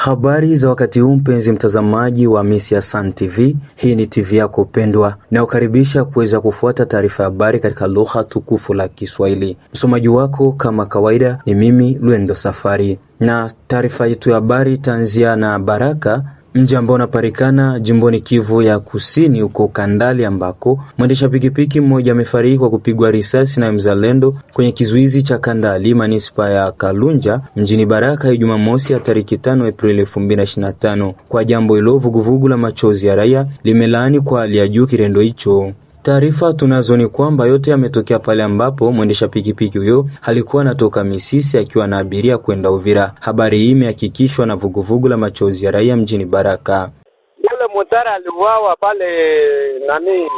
Habari za wakati huu mpenzi mtazamaji wa Misia Sun TV, hii ni TV yako pendwa inayokaribisha kuweza kufuata taarifa ya habari katika lugha tukufu la Kiswahili. Msomaji wako kama kawaida ni mimi Lwendo Safari, na taarifa yetu ya habari itaanzia na baraka mji ambao unapatikana jimboni Kivu ya Kusini, huko Kandali, ambako mwendesha pikipiki mmoja amefariki kwa kupigwa risasi na mzalendo kwenye kizuizi cha Kandali, manispa ya Kalunja, mjini Baraka, Jumamosi ya tariki tano Aprili 2025. Kwa jambo hilo, vuguvugu la machozi ya raia limelaani kwa hali ya juu kitendo hicho. Taarifa tunazo ni kwamba yote yametokea pale ambapo mwendesha pikipiki huyo alikuwa anatoka Misisi akiwa na abiria kwenda Uvira. Habari hii imehakikishwa na vuguvugu la machozi ya raia mjini Baraka. Yule motara aliuawa pale nani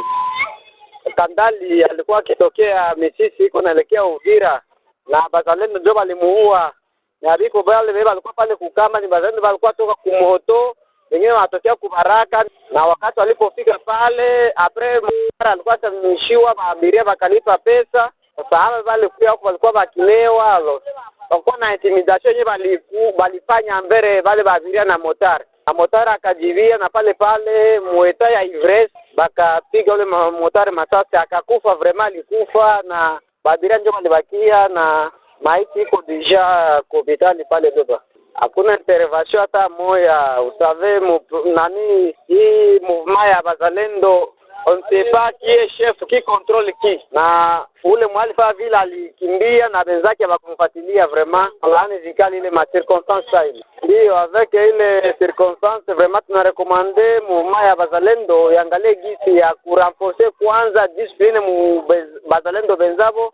Kandali, alikuwa akitokea Misisi iko naelekea Uvira na bazalendo ndio walimuua, na biko bale beba alikuwa pale kukama ni bazalendo walikuwa toka kumhoto wenyewe wanatokea kubaraka, na wakati walipofika pale apre mara alikuwa atamishiwa maabiria, wakalipa pesa. Sasa hapa pale walikuwa wakilewa, wakuwa na intimidation enye walifanya mbele vale baabiria na motari na motari akajivia na pale pale mueta ya ivres bakapiga ule motari masasi akakufa, vrema alikufa, na baabiria njo walibakia na maiti iko deja kopitali pale Doba hakuna intervention hata moya. Usave nani hii movement ya bazalendo onsepa kie chef ki control ki na ule mwalifa vile alikimbia na benzake bakumfuatilia vraiment laani vikali ile ma circonstance ndio ndiyo avec ile circonstance vraiment tunarekomande muma ya bazalendo yangalie gisi ya kurenforcer kwanza discipline mu bazalendo benzabo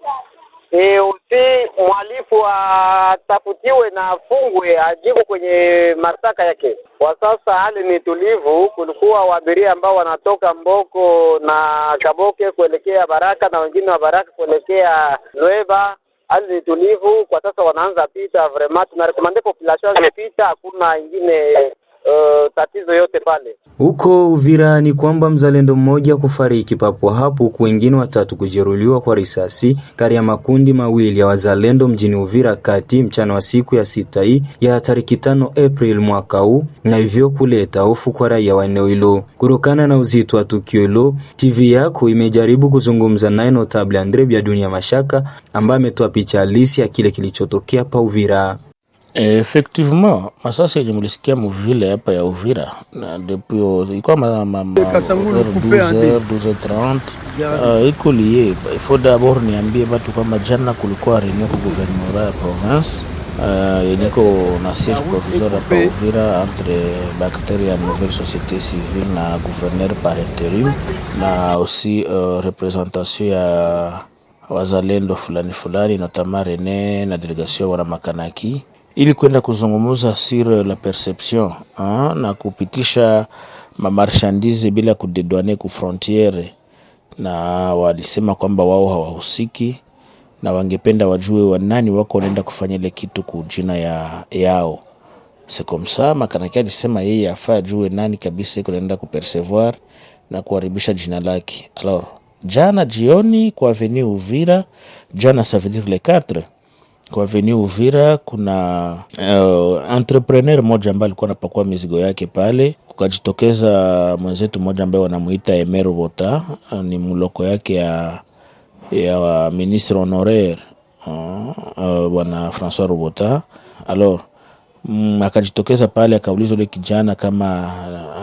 E, usi mwalifu atafutiwe na afungwe, ajibu kwenye mashtaka yake. Kwa sasa hali ni tulivu. Kulikuwa waabiria ambao wanatoka Mboko na Kaboke kuelekea Baraka na wengine wa Baraka kuelekea Nueva. Hali ni tulivu kwa sasa, wanaanza pita. Vraiment tunarekomande population pita, hakuna ingine uh, tatizo yote pale huko Uvira ni kwamba mzalendo mmoja kufariki papo hapo, huku wengine watatu kujeruhiwa kwa risasi kati ya makundi mawili ya wazalendo mjini Uvira kati mchana wa siku ya sita hii ya tariki tano April mwaka huu, na hivyo kuleta hofu kwa raia wa eneo hilo. Kutokana na uzito wa tukio hilo, TV yako imejaribu kuzungumza naye Notable Andre Bya Dunia Mashaka ambaye ametoa picha halisi ya kile kilichotokea pa Uvira. Effectivement, masasi yenye mulisikia muvile hapa ya Uvira na depuis euh, ilikuwa ma, ma, ma, Kasangulu coupé en 12h, deux. 12h30 uh, Il faut d'abord niambie batu kwamba jana kulikuwa au gouvernement de la province euh, Il uh, a na siège provisoire hapa Uvira entre bakteria ya nouvelle société civile na gouverneur par intérim na aussi uh, représentation à wazalendo fulani fulani, notamment Rene na delegation wana makanaki ili kwenda kuzungumza sur la perception ha, ah, na kupitisha mamarshandizi bila kudedwane ku frontiere, na walisema kwamba wao hawahusiki na wangependa wajue wanani wako wanaenda kufanya ile kitu kujina ya yao sekomsa Makanaki alisema yeye afaa ajue nani kabisa iko naenda kupercevoir na kuharibisha jina lake. Alors jana jioni kwa avenue Uvira, jana ça veut le 4 kwa Avenue Uvira kuna uh, entrepreneur moja ambaye alikuwa anapakua mizigo yake pale, kukajitokeza mwenzetu mmoja ambaye wanamuita Emer Bota, eh, ni mloko yake ya ya ministre honoraire eh, bwana uh, uh, Francois Robota alors mm, akajitokeza pale akauliza ule kijana kama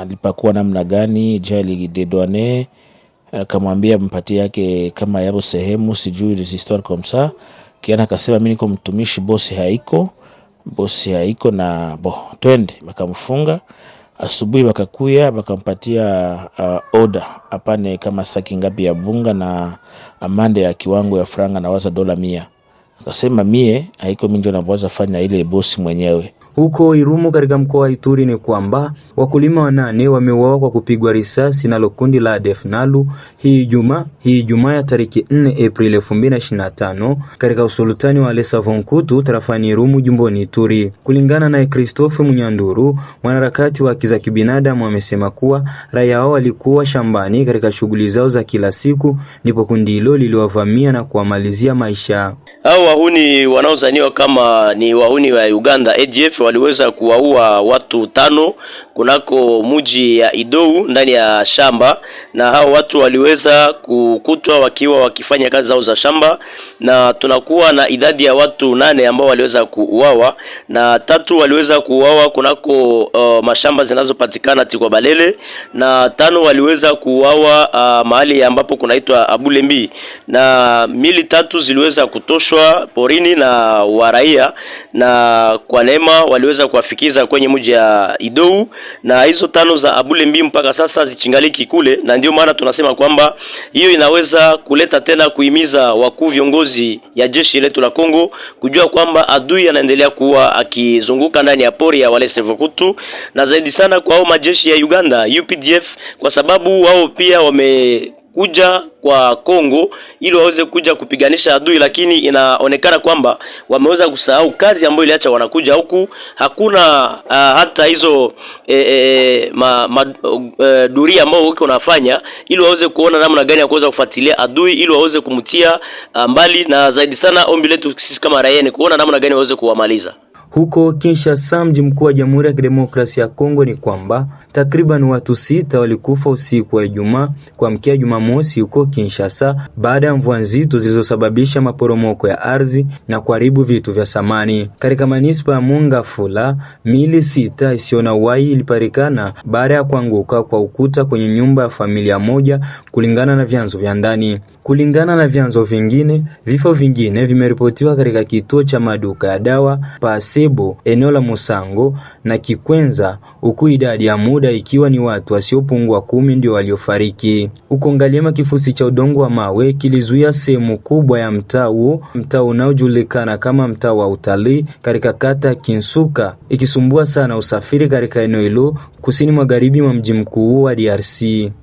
alipakua namna gani jali dedwane, akamwambia mpati yake kama yapo sehemu sijui histoire comme ça kiana akasema mimi niko mtumishi, bosi haiko, bosi haiko na bo, twende. Bakamfunga asubuhi, bakakuya bakampatia uh, oda apane kama saki ngapi ya bunga na amande ya kiwango ya franga na waza dola mia. Akasema mie haiko minjo na waza fanya ile bosi mwenyewe huko Irumu katika mkoa wa Ituri ni kwamba wakulima wanane wameuawa kwa kupigwa risasi nalo kundi la ADF Nalu hii juma hii juma ya tariki 4 Aprili 2025 katika usultani wa Lesavonkutu tarafani Irumu jumboni Ituri. Kulingana na Christophe Munyanduru, mwanaharakati wa haki za kibinadamu, amesema kuwa raia hao walikuwa shambani katika shughuli zao za kila siku, ndipo kundi hilo liliwavamia na kuwamalizia maisha. Hao wahuni wanaozaniwa kama ni wahuni wa Uganda ADF waliweza kuwaua watu tano kunako muji ya Idou ndani ya shamba, na hao watu waliweza kukutwa wakiwa wakifanya kazi zao za shamba, na tunakuwa na idadi ya watu nane ambao waliweza kuuawa na tatu waliweza kuuawa kunako uh, mashamba zinazopatikana Tikwa Balele, na tano waliweza kuuawa uh, mahali ambapo kunaitwa Abulembi, na mili tatu ziliweza kutoshwa porini na waraia, na kwa neema waliweza kuwafikiza kwenye mji ya Idou na hizo tano za Abule Mbi mpaka sasa zichingaliki kule, na ndio maana tunasema kwamba hiyo inaweza kuleta tena kuhimiza wakuu viongozi ya jeshi letu la Kongo kujua kwamba adui anaendelea kuwa akizunguka ndani ya pori ya wale Sevukutu, na zaidi sana kwa majeshi ya Uganda UPDF, kwa sababu wao pia wame kuja kwa Kongo ili waweze kuja kupiganisha adui, lakini inaonekana kwamba wameweza kusahau kazi ambayo iliacha wanakuja huku. Hakuna uh, hata hizo e, e, ma, ma, e, duria ambao wako wanafanya ili waweze kuona namna gani ya kuweza kufuatilia adui ili waweze kumtia ah, mbali, na zaidi sana ombi letu sisi kama raia ni kuona namna gani waweze kuwamaliza huko Kinshasa mji mkuu wa Jamhuri ya Kidemokrasia ya Kongo ni kwamba takriban watu sita walikufa usiku wa Ijumaa kuamkia Jumamosi huko Kinshasa baada ya mvua nzito zilizosababisha maporomoko ya ardhi na kuharibu vitu vya samani. Katika manispa ya mungafula mili sita isiyo na uhai ilipatikana baada ya kuanguka kwa ukuta kwenye nyumba ya familia moja, kulingana na vyanzo vya ndani. Kulingana na vyanzo vingine, vifo vingine vimeripotiwa katika kituo cha maduka ya dawa Pase Kibo eneo la Musango na Kikwenza huku idadi ya muda ikiwa ni watu wasiopungua kumi ndio waliofariki. Huko Ngaliema kifusi cha udongo wa mawe kilizuia sehemu kubwa ya mtaa huo, mtaa unaojulikana kama mtaa wa utalii katika kata Kinsuka, ikisumbua sana usafiri katika eneo hilo kusini magharibi mwa mji mkuu wa DRC.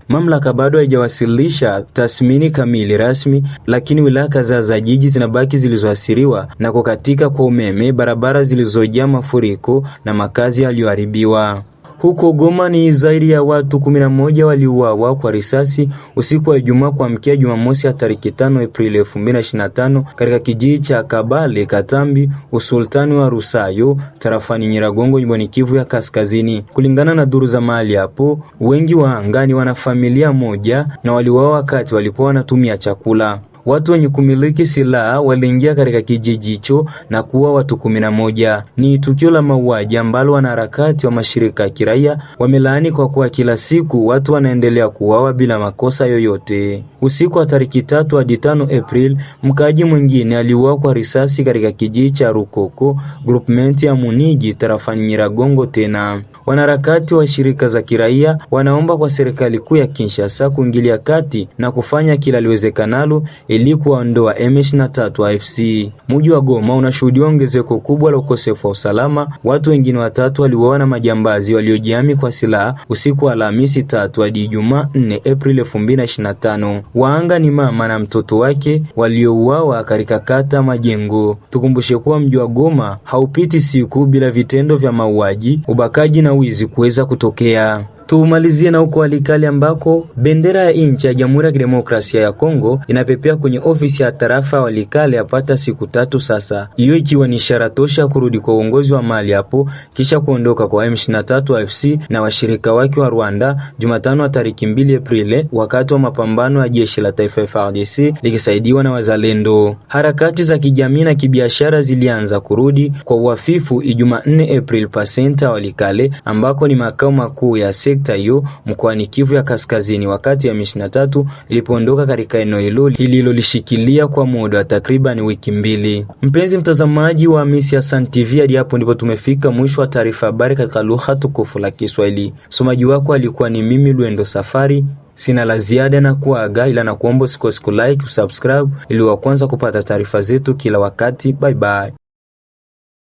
Mamlaka bado haijawasilisha tathmini kamili rasmi, lakini wilaya kadhaa za jiji zinabaki zilizoathiriwa na kukatika kwa umeme, barabara zilizo zilizojaa mafuriko na makazi yaliyoharibiwa huko Goma ni zaidi ya watu 11 waliuawa kwa risasi usiku wa Ijumaa kuamkia Jumamosi ya tarehe 5 Aprili 2025 katika kijiji cha Kabale Katambi, usultani wa Rusayo, tarafani Nyiragongo, jimboni Kivu ya Kaskazini. Kulingana na duru za mahali hapo, wengi wa angani wana familia moja na waliuawa wakati walikuwa wanatumia chakula. Watu wenye kumiliki silaha waliingia katika kijiji hicho na kuua watu 11. Ni tukio la mauaji ambalo wanaharakati wa mashirika ya kiraia wamelaani kwa kuwa kila siku watu wanaendelea kuuawa bila makosa yoyote. Usiku wa tariki tatu hadi tano April, mkaaji mwingine aliuawa kwa risasi katika kijiji cha Rukoko groupment ya Munigi tarafani Nyiragongo. Tena wanaharakati wa shirika za kiraia wanaomba kwa serikali kuu ya Kinshasa kuingilia kati na kufanya kila liwezekanalo ili kuwaondoa M23 AFC. Mji wa Goma unashuhudia ongezeko kubwa la ukosefu wa usalama. Watu wengine watatu waliuawa na majambazi walio waliojihami kwa silaha usiku wa Alhamisi tatu hadi Ijumaa 4 Aprili 2025. Waanga ni mama na mtoto wake waliouawa katika kata Majengo. Tukumbushe kuwa mji wa Goma haupiti siku bila vitendo vya mauaji, ubakaji na wizi kuweza kutokea. Tumalizie na huko Walikali ambako bendera ya nchi ya Jamhuri ya Kidemokrasia ya Kongo inapepea kwenye ofisi ya tarafa walikale yapata siku tatu sasa, hiyo ikiwa ni ishara tosha kurudi kwa uongozi wa mali hapo kisha kuondoka kwa M23 AFC na washirika wake wa Rwanda Jumatano wa tariki mbili Aprili wakati wa mapambano ya jeshi la taifa FARDC likisaidiwa na wazalendo. Harakati za kijamii na kibiashara zilianza kurudi kwa uafifu Ijumaa 4 Aprili pasenta Walikale ambako ni makao makuu ya sekta hiyo mkoani Kivu ya Kaskazini, wakati ya M23 ilipoondoka katika eneo hilo lililolishikilia kwa muda wa takriban wiki mbili. Mpenzi mtazamaji wa Hamisi Hassan TV, hadi hapo ndipo tumefika mwisho wa taarifa habari katika lugha tukufu takatifu la Kiswahili. Msomaji wako alikuwa ni mimi Lwendo Safari. Sina la ziada na kuaga, ila na kuomba usikose kulike, subscribe ili wa kwanza kupata taarifa zetu kila wakati. Bye bye.